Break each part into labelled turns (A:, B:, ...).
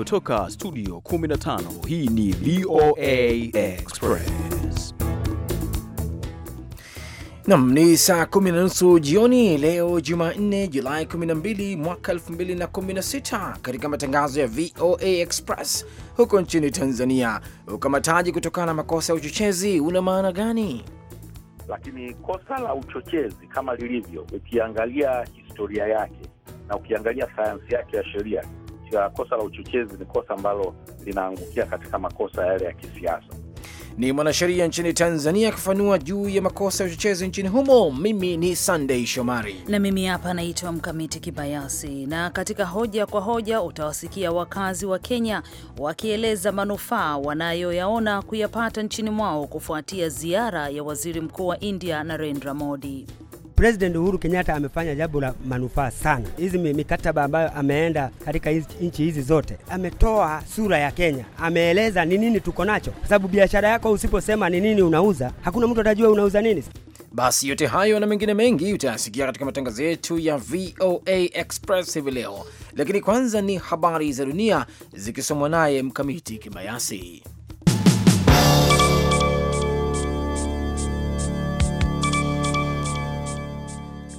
A: kutoka studio 15 hii ni
B: VOA
A: Express
B: nam ni saa kumi na nusu jioni leo Jumanne Julai 12 mwaka 2016 katika matangazo ya VOA Express huko nchini Tanzania ukamataji kutokana na makosa ya uchochezi una maana gani
C: lakini kosa la uchochezi kama lilivyo ukiangalia historia yake na ukiangalia sayansi yake ya sheria cha kosa la uchochezi ni kosa ambalo linaangukia katika makosa yale ya kisiasa.
B: Ni mwanasheria nchini Tanzania akifafanua juu ya makosa ya uchochezi nchini humo. Mimi ni Sunday Shomari
D: na mimi hapa naitwa Mkamiti Kibayasi, na katika hoja kwa hoja utawasikia wakazi wa Kenya wakieleza manufaa wanayoyaona kuyapata nchini mwao kufuatia ziara ya waziri mkuu wa India Narendra Modi.
E: President Uhuru Kenyatta amefanya jambo la manufaa sana. Hizi mikataba ambayo ameenda katika nchi hizi zote, ametoa sura ya Kenya, ameeleza ni nini tuko nacho, kwa sababu biashara yako usiposema ni nini unauza, hakuna mtu atajua unauza nini.
B: Basi yote hayo na mengine mengi utayasikia katika matangazo yetu ya VOA Express hivi leo, lakini kwanza ni habari za dunia zikisomwa naye Mkamiti Kibayasi.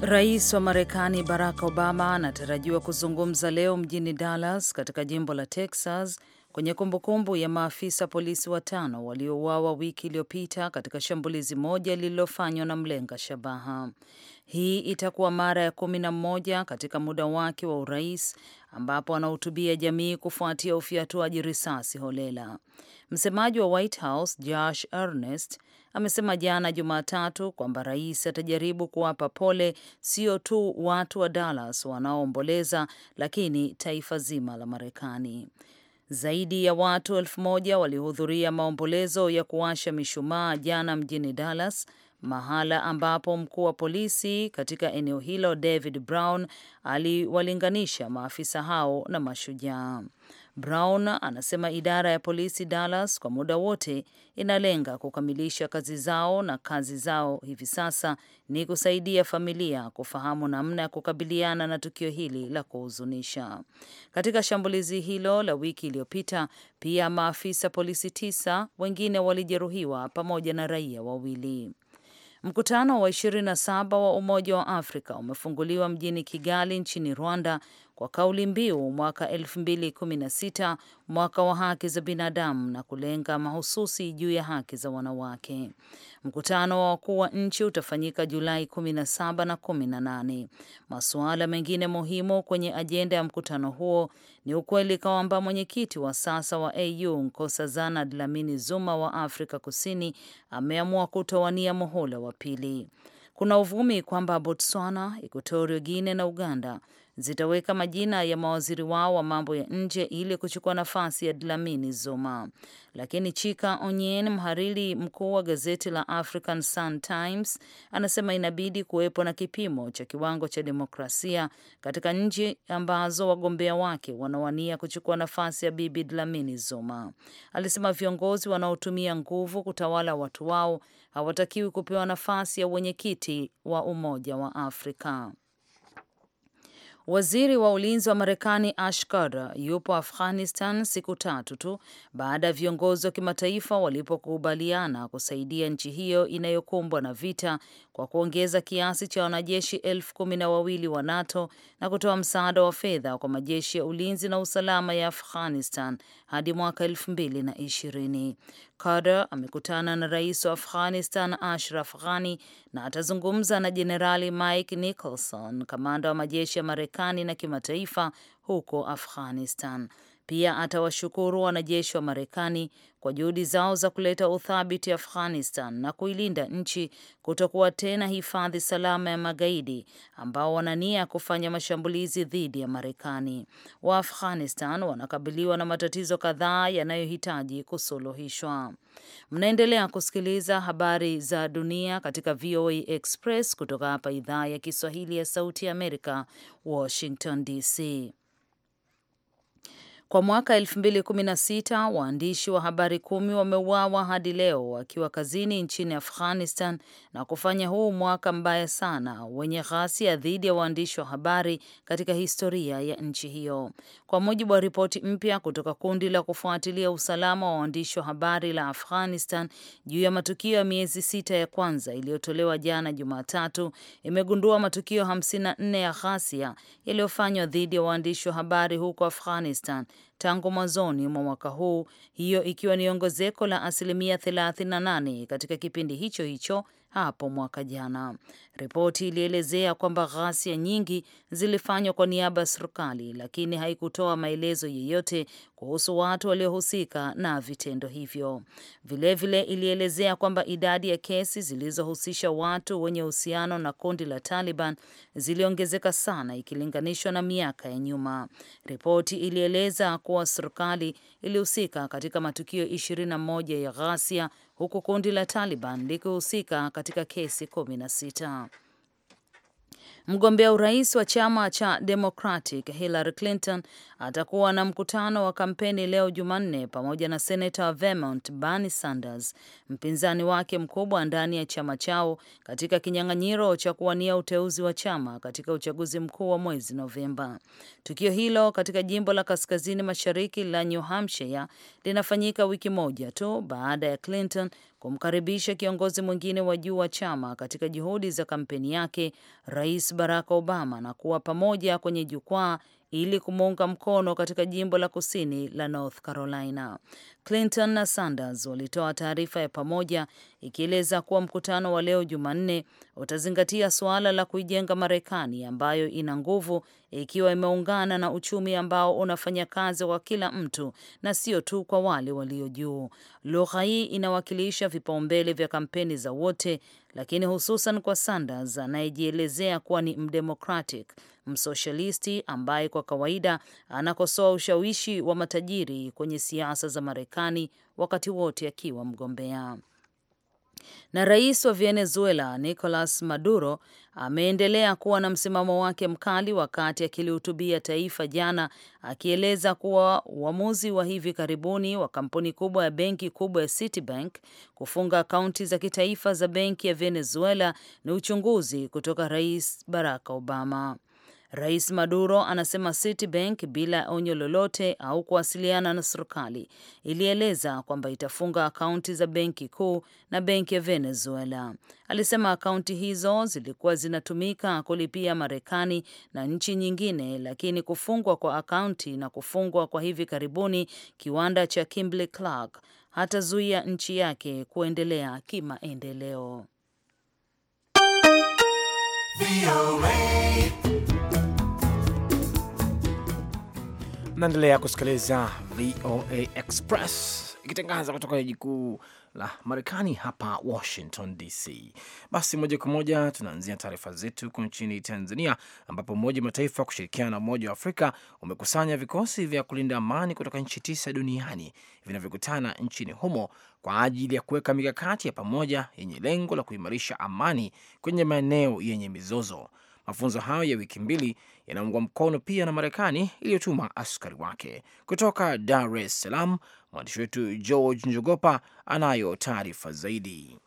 D: Rais wa Marekani Barack Obama anatarajiwa kuzungumza leo mjini Dallas katika jimbo la Texas kwenye kumbukumbu ya maafisa polisi watano waliouawa wiki iliyopita katika shambulizi moja lililofanywa na mlenga shabaha. Hii itakuwa mara ya kumi na mmoja katika muda wake wa urais ambapo anahutubia jamii kufuatia ufyatuaji risasi holela. Msemaji wa White House Josh Earnest amesema jana Jumatatu kwamba rais atajaribu kuwapa pole sio tu watu wa Dallas wanaoomboleza, lakini taifa zima la Marekani. Zaidi ya watu elfu moja walihudhuria maombolezo ya kuwasha mishumaa jana mjini Dallas, mahala ambapo mkuu wa polisi katika eneo hilo David Brown aliwalinganisha maafisa hao na mashujaa. Brown anasema idara ya polisi Dallas kwa muda wote inalenga kukamilisha kazi zao na kazi zao hivi sasa ni kusaidia familia kufahamu namna ya kukabiliana na tukio hili la kuhuzunisha. Katika shambulizi hilo la wiki iliyopita, pia maafisa polisi tisa wengine walijeruhiwa pamoja na raia wawili. Mkutano wa 27 wa Umoja wa Afrika umefunguliwa mjini Kigali nchini Rwanda kwa kauli mbiu mwaka 2016 mwaka wa haki za binadamu na kulenga mahususi juu ya haki za wanawake. Mkutano wa wakuu wa nchi utafanyika Julai 17 na 18. Masuala mengine muhimu kwenye ajenda ya mkutano huo ni ukweli kwamba mwenyekiti wa sasa wa AU Nkosazana Dlamini Zuma wa Afrika Kusini ameamua kutowania muhula wa pili. Kuna uvumi kwamba Botswana, Equatorial Guinea na Uganda zitaweka majina ya mawaziri wao wa mambo ya nje ili kuchukua nafasi ya Dlamini Zuma. Lakini Chika Onyen, mhariri mkuu wa gazeti la African Sun Times, anasema inabidi kuwepo na kipimo cha kiwango cha demokrasia katika nchi ambazo wagombea wake wanawania kuchukua nafasi ya Bibi Dlamini Zuma. Alisema viongozi wanaotumia nguvu kutawala watu wao hawatakiwi kupewa nafasi ya wenyekiti wa Umoja wa Afrika. Waziri wa ulinzi wa Marekani Ash Carter yupo Afghanistan siku tatu tu baada ya viongozi wa kimataifa walipokubaliana kusaidia nchi hiyo inayokumbwa na vita kwa kuongeza kiasi cha wanajeshi elfu kumi na wawili wa NATO na kutoa msaada wa fedha kwa majeshi ya ulinzi na usalama ya Afghanistan hadi mwaka elfu mbili na ishirini. Carter amekutana na rais wa Afghanistan Ashraf Ghani na atazungumza na Jenerali Mike Nicholson, kamanda wa majeshi ya Marekani na kimataifa huko Afghanistan. Pia atawashukuru wanajeshi wa Marekani kwa juhudi zao za kuleta uthabiti Afghanistan na kuilinda nchi kutokuwa tena hifadhi salama ya magaidi ambao wana nia ya kufanya mashambulizi dhidi ya Marekani. Wa Afghanistan wanakabiliwa na matatizo kadhaa yanayohitaji kusuluhishwa. Mnaendelea kusikiliza habari za dunia katika VOA Express kutoka hapa idhaa ya Kiswahili ya Sauti ya Amerika, Washington DC. Kwa mwaka 2016 waandishi wa habari kumi wameuawa hadi leo wakiwa kazini nchini Afghanistan na kufanya huu mwaka mbaya sana wenye ghasia dhidi ya waandishi wa habari katika historia ya nchi hiyo, kwa mujibu wa ripoti mpya kutoka kundi la kufuatilia usalama wa waandishi wa habari la Afghanistan juu ya matukio ya miezi sita ya kwanza iliyotolewa jana Jumatatu, imegundua matukio 54 ya ghasia yaliyofanywa dhidi ya waandishi wa habari huko Afghanistan tangu mwanzoni mwa mwaka huu, hiyo ikiwa ni ongezeko la asilimia 38 katika kipindi hicho hicho hapo mwaka jana. Ripoti ilielezea kwamba ghasia nyingi zilifanywa kwa niaba ya serikali, lakini haikutoa maelezo yeyote kuhusu watu waliohusika na vitendo hivyo. Vilevile ilielezea kwamba idadi ya kesi zilizohusisha watu wenye uhusiano na kundi la Taliban ziliongezeka sana ikilinganishwa na miaka ya nyuma. Ripoti ilieleza kuwa serikali ilihusika katika matukio 21 ya ghasia huku kundi la Taliban likihusika katika kesi 16. Mgombea urais wa chama cha Democratic Hillary Clinton atakuwa na mkutano wa kampeni leo Jumanne pamoja na senata wa Vermont Bernie Sanders, mpinzani wake mkubwa ndani ya chama chao katika kinyang'anyiro cha kuwania uteuzi wa chama katika uchaguzi mkuu wa mwezi Novemba. Tukio hilo katika jimbo la kaskazini mashariki la New Hampshire linafanyika wiki moja tu baada ya Clinton kumkaribisha kiongozi mwingine wa juu wa chama katika juhudi za kampeni yake Rais Barack Obama na kuwa pamoja kwenye jukwaa ili kumuunga mkono katika jimbo la kusini la North Carolina. Clinton na Sanders walitoa taarifa ya pamoja ikieleza kuwa mkutano wa leo Jumanne utazingatia suala la kuijenga Marekani ambayo ina nguvu ikiwa imeungana na uchumi ambao unafanya kazi kwa kila mtu na sio tu kwa wale walio juu. Lugha hii inawakilisha vipaumbele vya kampeni za wote lakini hususan kwa Sanders anayejielezea kuwa ni mdemokratic msoshalisti ambaye kwa kawaida anakosoa ushawishi wa matajiri kwenye siasa za Marekani wakati wote akiwa mgombea na rais wa Venezuela Nicolas Maduro ameendelea kuwa na msimamo wake mkali wakati akilihutubia taifa jana, akieleza kuwa uamuzi wa hivi karibuni wa kampuni kubwa ya benki kubwa ya Citibank kufunga akaunti za kitaifa za benki ya Venezuela ni uchunguzi kutoka Rais Barack Obama. Rais Maduro anasema Citibank bila ya onyo lolote au kuwasiliana na serikali ilieleza kwamba itafunga akaunti za benki kuu na benki ya Venezuela. Alisema akaunti hizo zilikuwa zinatumika kulipia Marekani na nchi nyingine, lakini kufungwa kwa akaunti na kufungwa kwa hivi karibuni kiwanda cha Kimberly Clark hatazuia nchi yake kuendelea kimaendeleo.
B: Naendelea kusikiliza VOA Express ikitangaza kutoka jiji kuu la Marekani hapa Washington DC. Basi moja kwa moja tunaanzia taarifa zetu huko nchini Tanzania, ambapo Umoja wa Mataifa kushirikiana na Umoja wa Afrika umekusanya vikosi vya kulinda amani kutoka nchi tisa duniani vinavyokutana nchini humo kwa ajili ya kuweka mikakati ya pamoja yenye lengo la kuimarisha amani kwenye maeneo yenye mizozo. Mafunzo hayo ya wiki mbili yanaungwa mkono pia na Marekani iliyotuma askari wake. Kutoka Dar es Salaam, mwandishi wetu George Njogopa anayo taarifa zaidi.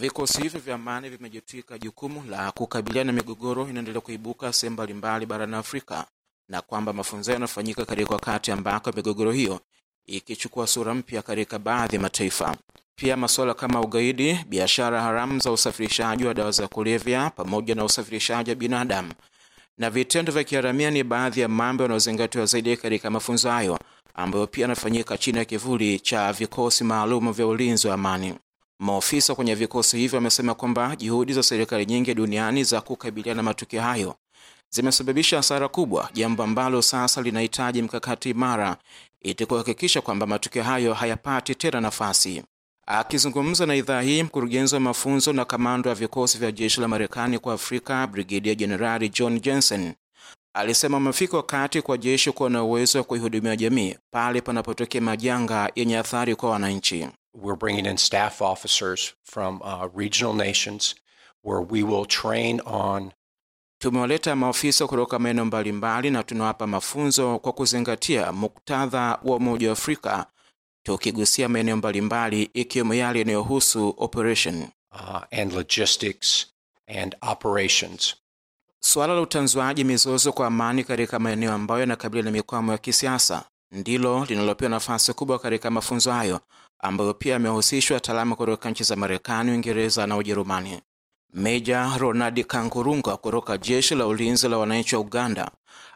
F: Vikosi hivyo vya amani vimejitwika jukumu la kukabiliana na migogoro inaendelea kuibuka sehemu mbalimbali barani Afrika, na kwamba mafunzo hayo yanafanyika katika wakati ambako migogoro hiyo ikichukua sura mpya katika baadhi ya mataifa. Pia masuala kama ugaidi, biashara haramu za usafirishaji wa dawa za kulevya, pamoja na usafirishaji wa binadamu na vitendo vya kiharamia ni baadhi ya mambo yanayozingatiwa zaidi katika mafunzo hayo ambayo pia yanafanyika chini ya kivuli cha vikosi maalum vya ulinzi wa amani. Maofisa kwenye vikosi hivyo wamesema kwamba juhudi za serikali nyingi duniani za kukabiliana matukio hayo zimesababisha hasara kubwa, jambo ambalo sasa linahitaji mkakati imara ili kuhakikisha kwamba matukio hayo hayapati tena nafasi. Akizungumza na idhaa hii, mkurugenzi wa mafunzo na kamanda ya vikosi vya jeshi la Marekani kwa Afrika, Brigedia Jenerali John Jensen alisema umefika wakati kwa jeshi kuwa na uwezo wa kuihudumia jamii pale panapotokea majanga yenye athari kwa wananchi. We're bringing in staff officers from uh, regional nations where we will train on Tumewaleta maafisa kutoka maeneo mbalimbali na tunawapa mafunzo kwa kuzingatia muktadha wa Umoja wa Afrika, tukigusia maeneo mbalimbali ikiwemo yale yanayohusu operation uh, and logistics and operations. Suala la utanzuaji mizozo kwa amani katika maeneo ambayo yanakabiliwa na mikwamo ya kisiasa ndilo linalopewa nafasi kubwa katika mafunzo hayo ambayo pia yamehusishwa wataalamu kutoka nchi za Marekani, Uingereza na Ujerumani. Meja Ronald Kangurunga kutoka jeshi la ulinzi la wananchi wa Uganda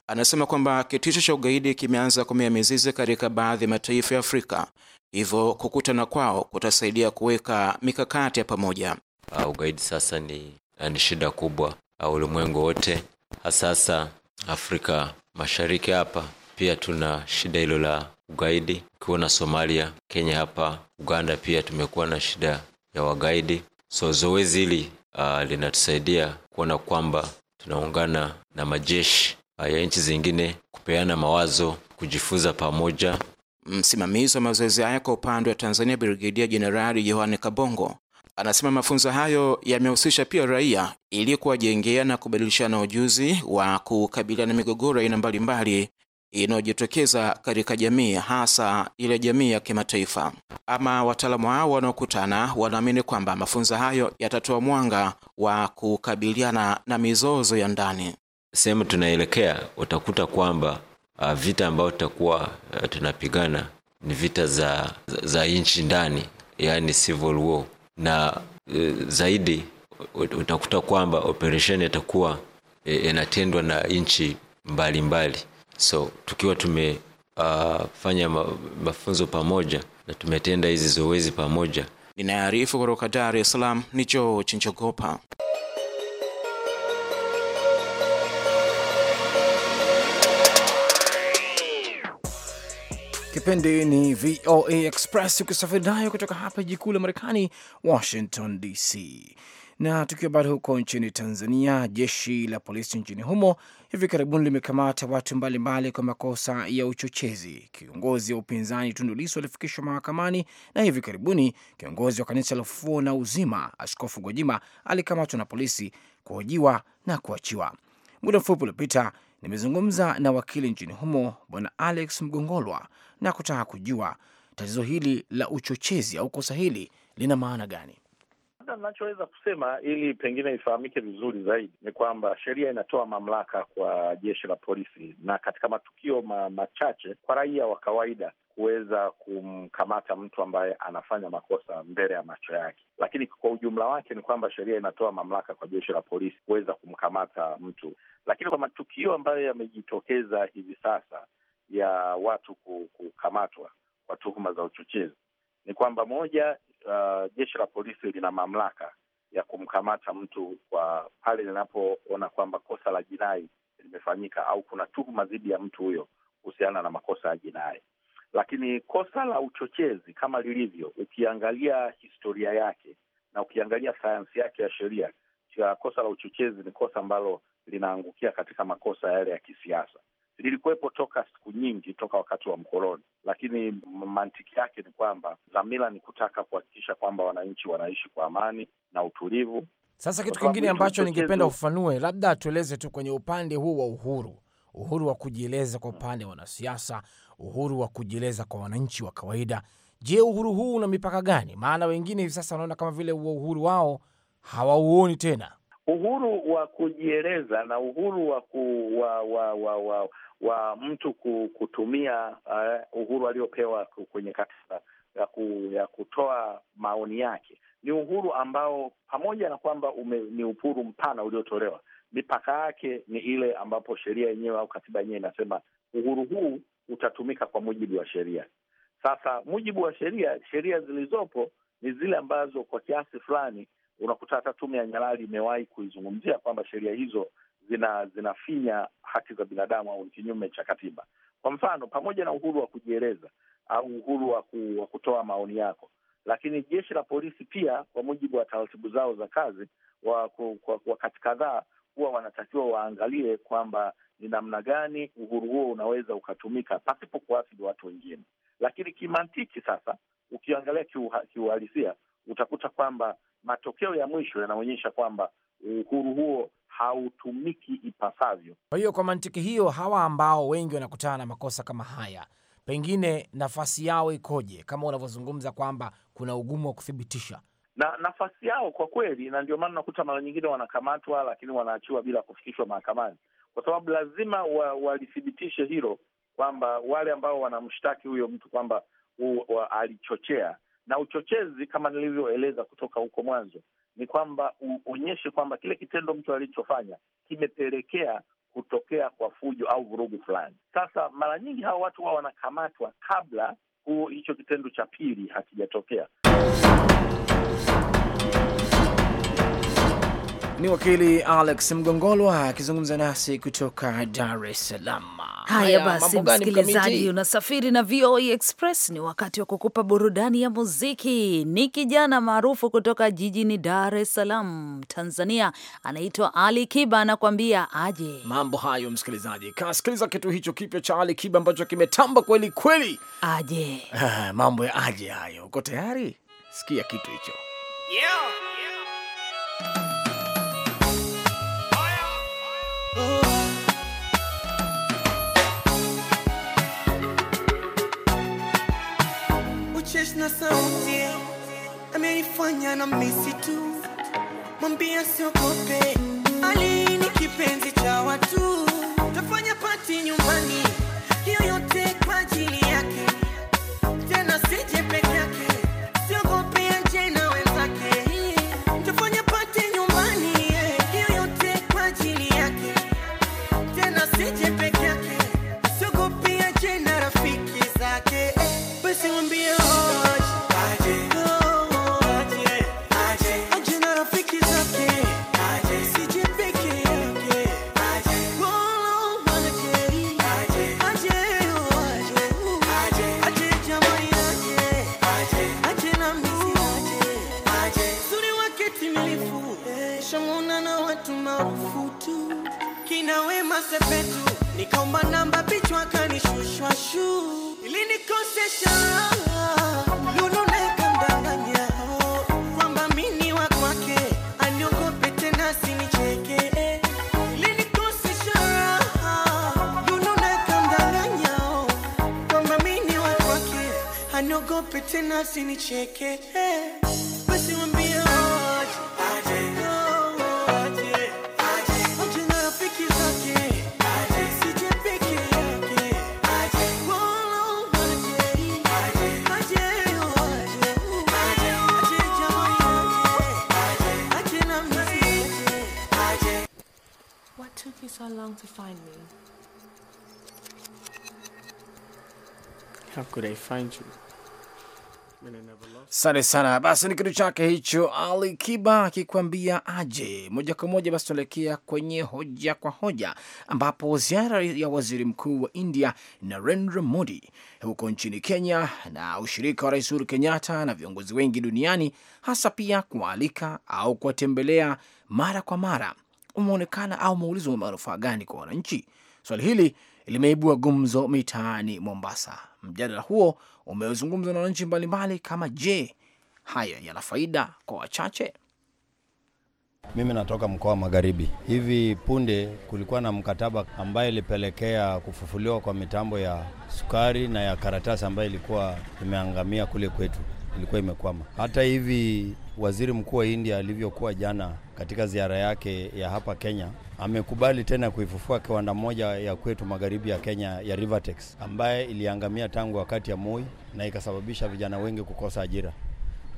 F: anasema kwamba kitisho cha ugaidi kimeanza kumea mizizi katika baadhi ya mataifa ya Afrika, hivyo kukutana kwao kutasaidia kuweka mikakati ya pamoja.
G: Uh, ugaidi sasa ni, ah, ni shida kubwa uh, ulimwengu wote, hasasa Afrika Mashariki hapa pia tuna shida hilo la ugaidi, ukiwa na Somalia, Kenya, hapa Uganda pia tumekuwa na shida ya wagaidi, so zoezi hili uh, linatusaidia kuona kwamba tunaungana na majeshi uh, ya nchi zingine kupeana mawazo, kujifunza pamoja.
F: Msimamizi wa mazoezi haya kwa upande wa Tanzania, Brigedia Jenerali Yohane Kabongo anasema mafunzo hayo yamehusisha pia raia ili kuwajengea na kubadilishana ujuzi wa kukabiliana migogoro aina mbalimbali inayojitokeza katika jamii, hasa ile jamii ya kimataifa. Ama wataalamu hao wanaokutana wanaamini kwamba mafunzo hayo yatatoa mwanga wa kukabiliana na mizozo ya ndani.
G: Sehemu tunaelekea utakuta kwamba uh, vita ambayo tutakuwa uh, tunapigana ni vita za, za, za nchi ndani, yani civil war, na uh, zaidi utakuta kwamba operesheni itakuwa eh, inatendwa na nchi mbalimbali so tukiwa tumefanya ah, uh, mafunzo pamoja na tumetenda hizi
F: zoezi pamoja ninaarifu kutoka dar es salaam ni george njogopa
B: Kipindi ni VOA Express ukisafiri nayo kutoka hapa jiji la Marekani, Washington DC. Na tukiwa bado huko nchini Tanzania, jeshi la polisi nchini humo hivi karibuni limekamata watu mbalimbali kwa makosa ya uchochezi. Kiongozi wa upinzani Tundu Lissu alifikishwa mahakamani, na hivi karibuni kiongozi wa kanisa la Ufufuo na Uzima Askofu Gwajima alikamatwa na polisi, kuhojiwa na kuachiwa. Muda mfupi uliopita nimezungumza na wakili nchini humo Bwana Alex Mgongolwa na kutaka kujua tatizo hili la uchochezi au kosa hili lina maana gani?
C: Kwanza ninachoweza kusema ili pengine ifahamike vizuri zaidi ni kwamba sheria inatoa mamlaka kwa jeshi la polisi na katika matukio ma, machache kwa raia wa kawaida kuweza kumkamata mtu ambaye anafanya makosa mbele ya macho yake, lakini kwa ujumla wake ni kwamba sheria inatoa mamlaka kwa jeshi la polisi kuweza kumkamata mtu, lakini kwa matukio ambayo yamejitokeza hivi sasa ya watu kukamatwa kwa tuhuma za uchochezi ni kwamba moja, uh, jeshi la polisi lina mamlaka ya kumkamata mtu kwa pale linapoona kwamba kosa la jinai limefanyika au kuna tuhuma dhidi ya mtu huyo kuhusiana na makosa ya jinai. Lakini kosa la uchochezi kama lilivyo, ukiangalia historia yake na ukiangalia sayansi yake ya sheria, kosa la uchochezi ni kosa ambalo linaangukia katika makosa yale ya kisiasa lilikuwepo toka siku nyingi, toka wakati wa mkoloni, lakini mantiki yake ni kwamba dhamira ni kutaka kuhakikisha kwamba wananchi wanaishi kwa amani na utulivu. Sasa kitu kingine ambacho ningependa
B: ufanue, labda atueleze tu kwenye upande huu wa uhuru, uhuru wa kujieleza kwa upande wa wanasiasa, uhuru wa kujieleza kwa wananchi wa kawaida. Je, uhuru huu una mipaka gani? Maana wengine hivi sasa wanaona kama vile uo uhuru wao hawauoni tena
C: uhuru wa kujieleza na uhuru wa, ku, wa, wa, wa, wa, wa mtu kutumia uh, uhuru aliopewa kwenye katiba ya, ku, ya kutoa maoni yake ni uhuru ambao pamoja na kwamba ume, ni uhuru mpana uliotolewa, mipaka yake ni ile ambapo sheria yenyewe au katiba yenyewe inasema uhuru huu utatumika kwa mujibu wa sheria. Sasa mujibu wa sheria, sheria zilizopo ni zile ambazo kwa kiasi fulani unakuta hata tume ya Nyalali imewahi kuizungumzia kwamba sheria hizo zina zinafinya haki za binadamu au kinyume cha katiba. Kwa mfano, pamoja na uhuru wa kujieleza au uhuru wa, ku, wa kutoa maoni yako, lakini jeshi la polisi pia kwa mujibu wa taratibu zao za kazi, wakati kadhaa huwa wanatakiwa waangalie kwamba ni namna gani uhuru huo unaweza ukatumika pasipo kuathiri watu wengine. Lakini kimantiki sasa, ukiangalia kiuhalisia, utakuta kwamba matokeo ya mwisho yanaonyesha kwamba uhuru huo hautumiki ipasavyo.
B: Kwa hiyo kwa mantiki hiyo, hawa ambao wengi wanakutana na makosa kama haya, pengine nafasi yao ikoje, kama unavyozungumza kwamba kuna ugumu wa kuthibitisha
C: na nafasi yao kwa kweli, na ndio maana unakuta mara nyingine wanakamatwa, lakini wanaachiwa bila kufikishwa mahakamani, kwa sababu lazima walithibitishe wa hilo kwamba wale ambao wanamshtaki huyo mtu kwamba alichochea na uchochezi kama nilivyoeleza kutoka huko mwanzo ni kwamba uonyeshe kwamba kile kitendo mtu alichofanya kimepelekea kutokea kwa fujo au vurugu fulani. Sasa mara nyingi hawa watu wao wanakamatwa kabla huo hicho kitendo cha pili hakijatokea.
B: Ni wakili Alex Mgongolwa akizungumza nasi kutoka Dar es Salaam.
D: Haya basi, msikilizaji, unasafiri na VOA e Express, ni wakati wa kukupa burudani ya muziki. Ni kijana maarufu kutoka jijini Dar es Salaam, Tanzania, anaitwa Ali Kiba, anakuambia aje
B: mambo hayo. Msikilizaji, kasikiliza kitu hicho kipya cha Ali Kiba ambacho kimetamba kweli kweli,
D: aje. Ah, mambo ya aje hayo.
B: Uko tayari? Sikia kitu hicho,
D: yeah.
H: na sauti, amenifanya na misi tu, mwambia siokope Ali ni kipenzi cha watu, tafanya pati nyumbani, hiyo yote kwa ajili yake, tena sije ufutu kina Wema Sepetu, nikaomba namba pichwa kanishushwa shu, ili nikosesha lulu mini wa kwake aniogope tena sinicheke Niogope tena sinicheke so long to find me?
B: How could I find you? Asante sana. Basi ni kitu chake hicho, Ali Kiba akikwambia aje. Moja kwa moja basi tunaelekea kwenye hoja kwa hoja, ambapo ziara ya waziri mkuu wa India Narendra Modi huko nchini Kenya na ushirika wa Rais Uhuru Kenyatta na viongozi wengi duniani, hasa pia kuwaalika au kuwatembelea mara kwa mara umeonekana au umeuliza wa manufaa gani kwa wananchi? Swali hili limeibua gumzo mitaani Mombasa. Mjadala huo umezungumzwa na wananchi mbalimbali kama je, haya yana faida kwa wachache? Mimi natoka mkoa wa
E: Magharibi. Hivi punde kulikuwa na mkataba ambaye ilipelekea kufufuliwa kwa mitambo ya sukari na ya karatasi ambayo ilikuwa imeangamia kule kwetu ilikuwa imekwama. Hata hivi waziri mkuu wa India alivyokuwa jana katika ziara yake ya hapa Kenya, amekubali tena kuifufua kiwanda moja ya kwetu magharibi ya Kenya ya Rivertex ambaye iliangamia tangu wakati ya Moi na ikasababisha vijana wengi kukosa ajira.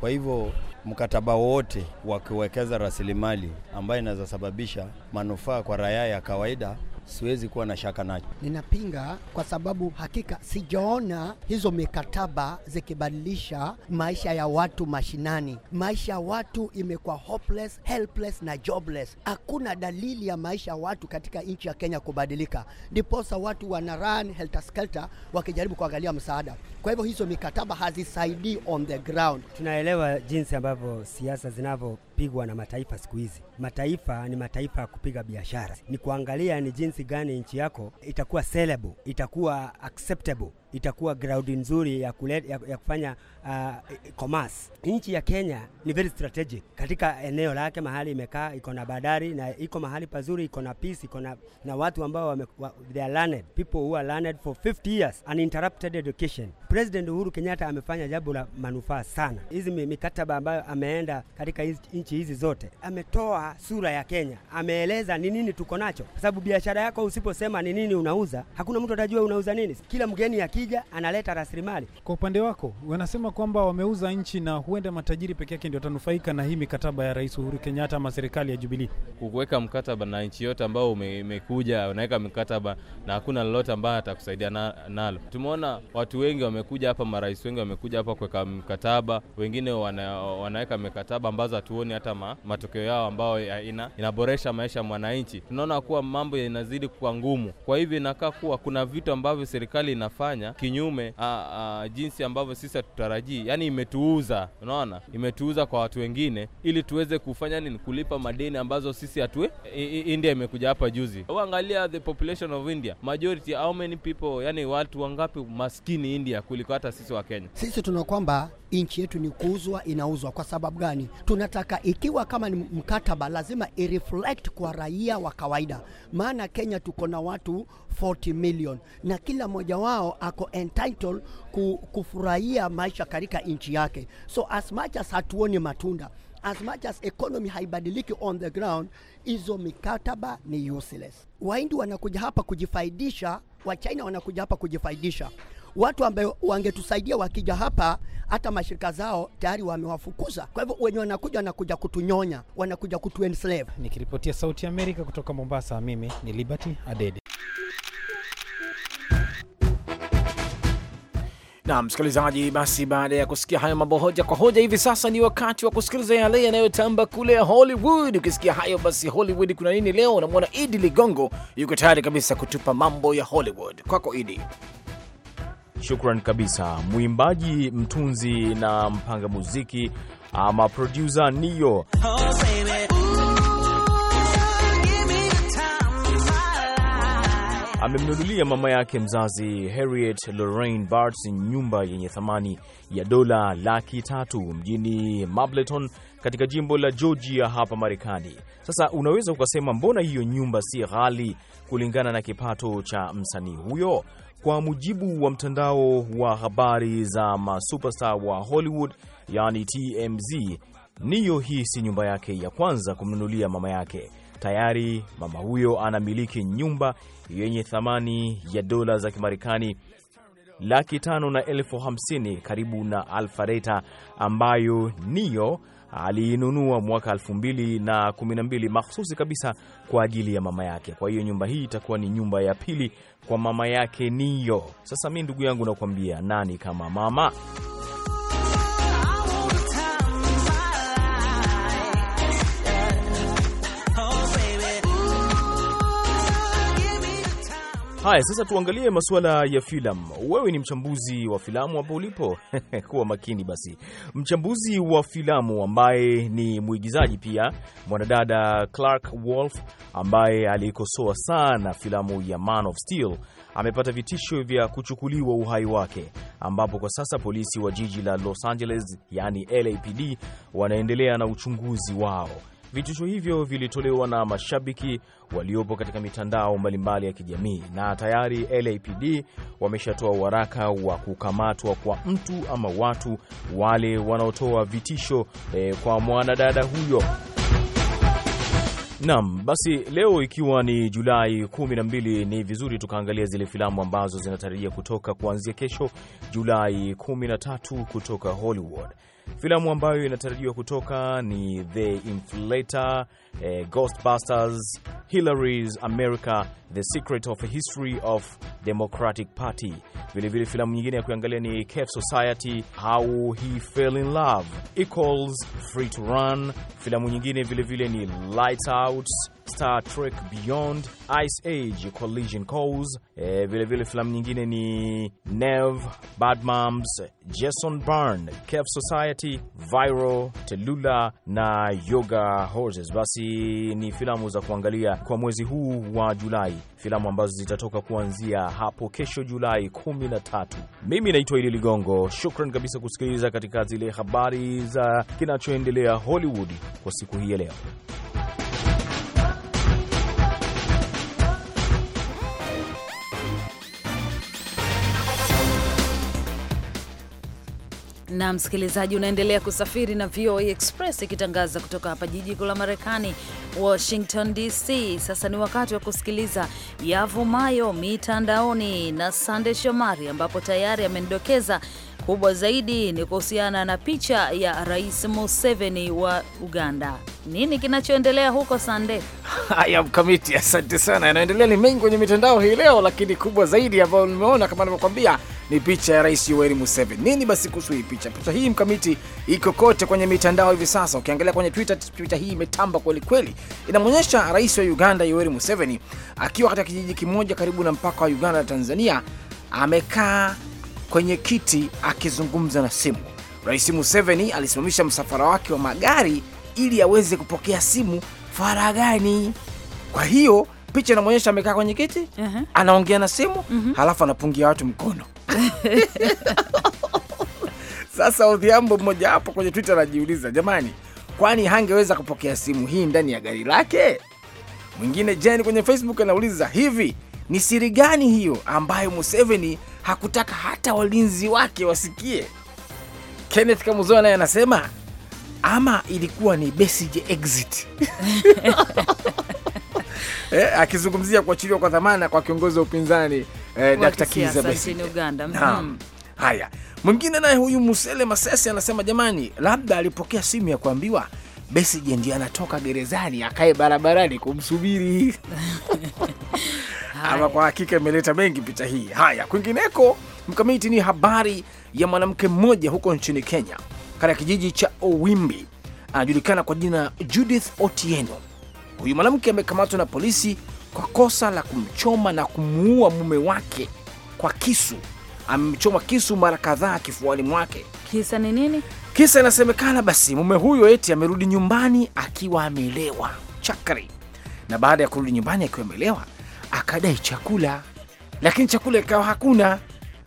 E: Kwa hivyo mkataba wote wa kuwekeza rasilimali ambayo inaweza sababisha manufaa kwa raia ya kawaida siwezi kuwa na shaka nacho.
I: Ninapinga kwa sababu hakika sijaona hizo mikataba zikibadilisha maisha ya watu mashinani. Maisha ya watu imekuwa hopeless, helpless na jobless. Hakuna dalili ya maisha ya watu katika nchi ya Kenya kubadilika, ndiposa watu wana run helter skelter wakijaribu kuangalia msaada. Kwa hivyo hizo mikataba hazisaidii on the ground.
E: Tunaelewa jinsi ambavyo siasa zinavyo kupigwa na mataifa siku hizi. Mataifa ni mataifa ya kupiga biashara, ni kuangalia ni jinsi gani nchi yako itakuwa sellable, itakuwa acceptable itakuwa ground nzuri ya, kule, ya, ya kufanya uh, commerce. Nchi ya Kenya ni very strategic katika eneo lake mahali imekaa, iko na bandari na iko mahali pazuri, iko na peace, iko na, na watu ambao wame, wa, they are learned people who are learned for 50 years uninterrupted education. President Uhuru Kenyatta amefanya jambo la manufaa sana. Hizi mikataba ambayo ameenda katika nchi hizi zote, ametoa sura ya Kenya, ameeleza ni nini tuko nacho, kwa sababu biashara yako usiposema ni nini unauza, hakuna mtu atajua unauza nini. Kila mgeni aki akija analeta rasilimali. Kwa upande wako, wanasema kwamba wameuza nchi na huenda matajiri peke yake ndio watanufaika na hii mikataba ya Rais Uhuru Kenyatta ama serikali ya Jubilee. Kuweka
G: mkataba na nchi yote ambayo imekuja, unaweka mkataba na hakuna lolote ambayo atakusaidia nalo. Tumeona watu wengi wamekuja hapa, marais wengi wamekuja hapa kuweka mkataba, wengine wana, wanaweka mikataba ambazo hatuoni hata ma, matokeo yao ambayo ina, inaboresha maisha ya mwananchi. Tunaona kuwa mambo yanazidi kuwa ngumu, kwa hivyo inakaa kuwa kuna vitu ambavyo serikali inafanya kinyume a, ah, a, ah, jinsi ambavyo sisi hatutarajii, yani imetuuza, unaona, imetuuza kwa watu wengine, ili tuweze kufanya nini? Kulipa madeni ambazo sisi hatue. India imekuja hapa juzi, uangalia the population of India majority, how many people, yani watu wangapi maskini India kuliko hata sisi wa Kenya. Sisi
I: tuna kwamba nchi yetu ni kuuzwa, inauzwa. Kwa sababu gani? Tunataka ikiwa kama ni mkataba lazima ireflect kwa raia wa kawaida, maana Kenya tuko na watu 40 million na kila mmoja wao ako entitled ku, kufurahia maisha katika nchi yake. So as much as hatuoni matunda as much as economy haibadiliki on the ground, hizo mikataba ni useless. Waindi wanakuja hapa kujifaidisha, wa china wanakuja hapa kujifaidisha watu ambao wangetusaidia wakija hapa, hata mashirika zao tayari wamewafukuza. Kwa hivyo wenye wanakuja wanakuja kutunyonya, wanakuja kutu enslave.
B: Nikiripotia Sauti ya Amerika kutoka Mombasa, mimi ni Liberty Adede. Na msikilizaji, basi baada ya kusikia hayo mambo hoja kwa hoja, hivi sasa ni wakati wa kusikiliza yale yanayotamba kule Hollywood. Ukisikia hayo basi, Hollywood kuna nini leo? Unamwona Idi Ligongo yuko tayari kabisa kutupa mambo ya Hollywood. Kwako Idi.
A: Shukran kabisa, mwimbaji, mtunzi na mpanga muziki ama producer Nio. amemnunulia mama yake mzazi Harriet Lorraine Bart nyumba yenye thamani ya dola laki tatu mjini Mableton katika jimbo la Georgia hapa Marekani. Sasa unaweza ukasema mbona hiyo nyumba si ghali kulingana na kipato cha msanii huyo? Kwa mujibu wa mtandao wa habari za masuperstar wa Hollywood, yani TMZ, Niyo hii si nyumba yake ya kwanza kumnunulia mama yake. Tayari mama huyo anamiliki nyumba yenye thamani ya dola za Kimarekani laki tano na elfu hamsini karibu na Alfareta ambayo Niyo aliinunua mwaka 2012 mahususi kabisa kwa ajili ya mama yake. Kwa hiyo nyumba hii itakuwa ni nyumba ya pili kwa mama yake Niyo. Sasa mi ndugu yangu nakwambia, nani kama mama? Haya, sasa tuangalie masuala ya filamu. Wewe ni mchambuzi wa filamu hapo ulipo, kuwa makini basi. Mchambuzi wa filamu ambaye ni mwigizaji pia, mwanadada Clark Wolf ambaye alikosoa sana filamu ya Man of Steel amepata vitisho vya kuchukuliwa uhai wake, ambapo kwa sasa polisi wa jiji la Los Angeles, yani LAPD, wanaendelea na uchunguzi wao. Vitisho hivyo vilitolewa na mashabiki waliopo katika mitandao mbalimbali ya kijamii, na tayari LAPD wameshatoa waraka wa kukamatwa kwa mtu ama watu wale wanaotoa vitisho eh, kwa mwanadada huyo. nam basi leo ikiwa ni Julai 12 ni vizuri tukaangalia zile filamu ambazo zinatarajia kutoka kuanzia kesho Julai 13 kutoka Hollywood. Filamu ambayo inatarajiwa kutoka ni The Inflator eh, Ghostbusters, Hillary's America, The Secret of History of Democratic Party. Vilevile filamu nyingine ya kuangalia ni Cave Society, How He Fell in Love, Equals, Free to Run. Filamu nyingine vilevile ni Lights Out, Star Trek Beyond, Ice Age, Collision Course. Eh, e, vilevile filamu nyingine ni nev Bad Moms, Jason Bourne, Cave Society, Viral, Telula na Yoga Horses. Basi ni filamu za kuangalia kwa mwezi huu wa Julai, filamu ambazo zitatoka kuanzia hapo kesho Julai 13. Mimi naitwa Idi Ligongo, shukran kabisa kusikiliza katika zile habari za kinachoendelea Hollywood kwa siku hii ya leo.
D: na msikilizaji, unaendelea kusafiri na VOA Express ikitangaza kutoka hapa jiji kuu la Marekani, Washington DC. Sasa ni wakati wa kusikiliza yavumayo mitandaoni na Sande Shomari, ambapo tayari amendokeza kubwa zaidi ni kuhusiana na picha ya Rais Museveni wa Uganda. Nini kinachoendelea huko Sande?
B: Haya, Mkamiti, asante sana. Yanaendelea ni mengi kwenye mitandao hii leo, lakini kubwa zaidi ambayo nimeona kama anavyokwambia ni picha ya Rais Yoweri Museveni. Nini basi kuhusu hii picha? Picha hii Mkamiti iko kote kwenye mitandao hivi sasa. Ukiangalia kwenye Twitter, picha hii imetamba kweli kweli. Inamwonyesha Rais wa Uganda Yoweri Museveni akiwa katika kijiji kimoja karibu na mpaka wa Uganda na Tanzania, amekaa kwenye kiti akizungumza na simu. Rais Museveni alisimamisha msafara wake wa magari ili aweze kupokea simu faragani Kwa hiyo picha inamwonyesha amekaa kwenye kiti uh -huh. anaongea na simu uh mhm. -huh. halafu anapungia watu mkono Sasa Odhiambo mmoja hapo kwenye Twitter anajiuliza, jamani, kwani hangeweza kupokea simu hii ndani ya gari lake? Mwingine Jen kwenye Facebook anauliza, hivi ni siri gani hiyo ambayo Museveni hakutaka hata walinzi wake wasikie. Kenneth Kamuzoa naye anasema ama ilikuwa ni Besigye exit eh, akizungumzia kuachiliwa kwa dhamana kwa kiongozi wa upinzani eh, Dr. Kizza Besigye hmm. Haya, mwingine naye huyu Musele Masese anasema jamani, labda alipokea simu ya kuambiwa Besigye ndiye anatoka gerezani akae barabarani kumsubiri ama kwa hakika imeleta mengi picha hii. Haya, kwingineko mkamiti ni habari ya mwanamke mmoja huko nchini Kenya, katika kijiji cha Owimbi, anajulikana kwa jina Judith Otieno. Huyu mwanamke amekamatwa na polisi kwa kosa la kumchoma na kumuua mume wake kwa kisu. Amemchoma kisu mara kadhaa kifuani mwake. Kisa ni nini? Kisa inasemekana basi mume huyo eti amerudi nyumbani akiwa amelewa chakari, na baada ya kurudi nyumbani akiwa amelewa akadai chakula, lakini chakula ikawa hakuna.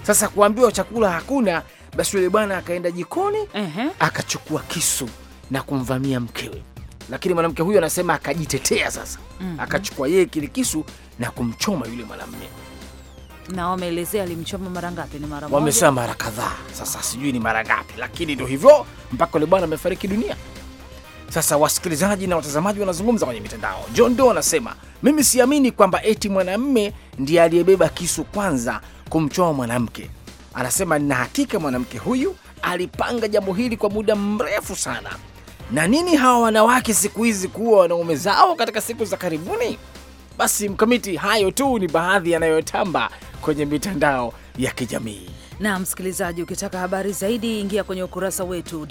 B: Sasa kuambiwa chakula hakuna, basi yule bwana akaenda jikoni uh -huh. akachukua kisu na kumvamia mkewe, lakini mwanamke huyo anasema akajitetea. Sasa uh-huh. akachukua yeye kile kisu na kumchoma yule mwanamume
D: na wameelezea alimchoma mara ngapi? Ni mara moja, wamesema mara
B: kadhaa. Sasa sijui ni mara ngapi, lakini ndio hivyo mpaka ule bwana amefariki dunia. Sasa wasikilizaji na watazamaji wanazungumza kwenye mitandao. John Doe anasema mimi siamini kwamba eti mwanamme ndiye aliyebeba kisu kwanza kumchoma mwanamke. Anasema nina hakika mwanamke huyu alipanga jambo hili kwa muda mrefu sana. Na nini hawa wanawake siku hizi kuwa wanaume zao katika siku za karibuni? Basi mkamiti, hayo tu ni baadhi yanayotamba kwenye mitandao ya kijamii.
D: Na msikilizaji, ukitaka habari zaidi, ingia kwenye ukurasa wetu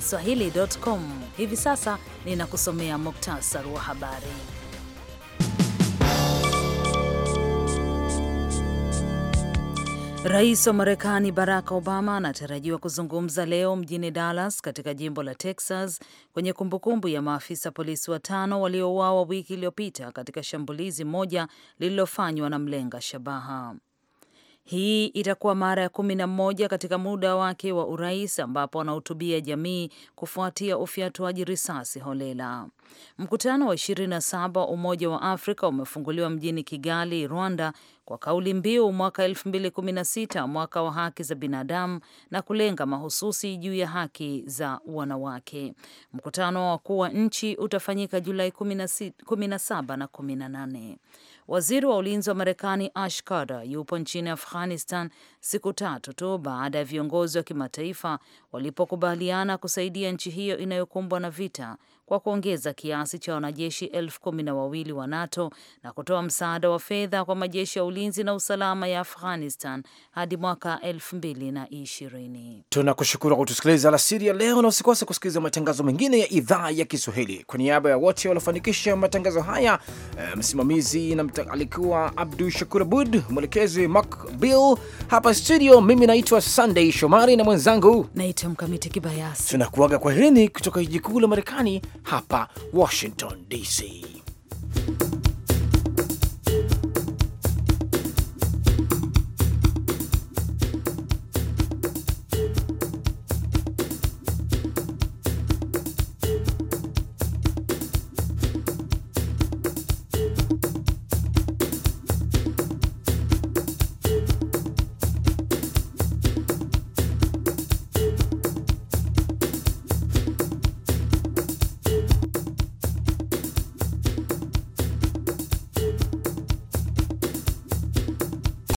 D: swahilicom. Hivi sasa ninakusomea muktasari wa habari. Rais wa Marekani Barack Obama anatarajiwa kuzungumza leo mjini Dallas katika jimbo la Texas kwenye kumbukumbu ya maafisa polisi watano waliouawa wiki iliyopita katika shambulizi moja lililofanywa na mlenga shabaha. Hii itakuwa mara ya kumi na mmoja katika muda wake wa urais ambapo anahutubia jamii kufuatia ufyatuaji risasi holela. Mkutano wa 27 wa Umoja wa Afrika umefunguliwa mjini Kigali, Rwanda kwa kauli mbiu mwaka 2016 mwaka wa haki za binadamu na kulenga mahususi juu ya haki za wanawake. Mkutano wa wakuu wa nchi utafanyika Julai 17 na 18. Waziri wa ulinzi wa Marekani Ash Carter yupo nchini Afghanistan siku tatu tu baada ya viongozi wa kimataifa walipokubaliana kusaidia nchi hiyo inayokumbwa na vita kwa kuongeza kiasi cha wanajeshi elfu kumi na wawili wa NATO na kutoa msaada wa fedha kwa majeshi ya ulinzi na usalama ya Afghanistan hadi mwaka elfu mbili na ishirini.
B: Tunakushukuru kwa kutusikiliza alasiri ya leo, na usikose kusikiliza matangazo mengine ya idhaa ya Kiswahili. Kwa niaba ya wote waliofanikisha matangazo haya, eh, msimamizi na alikuwa Abdu Shakur Abud, mwelekezi Macbill hapa studio. Mimi naitwa Sunday Shomari na mwenzangu naitwa Mkamiti Kibayasi. Tunakuaga kwaherini kutoka jiji kuu la Marekani, Hapa, Washington, D.C.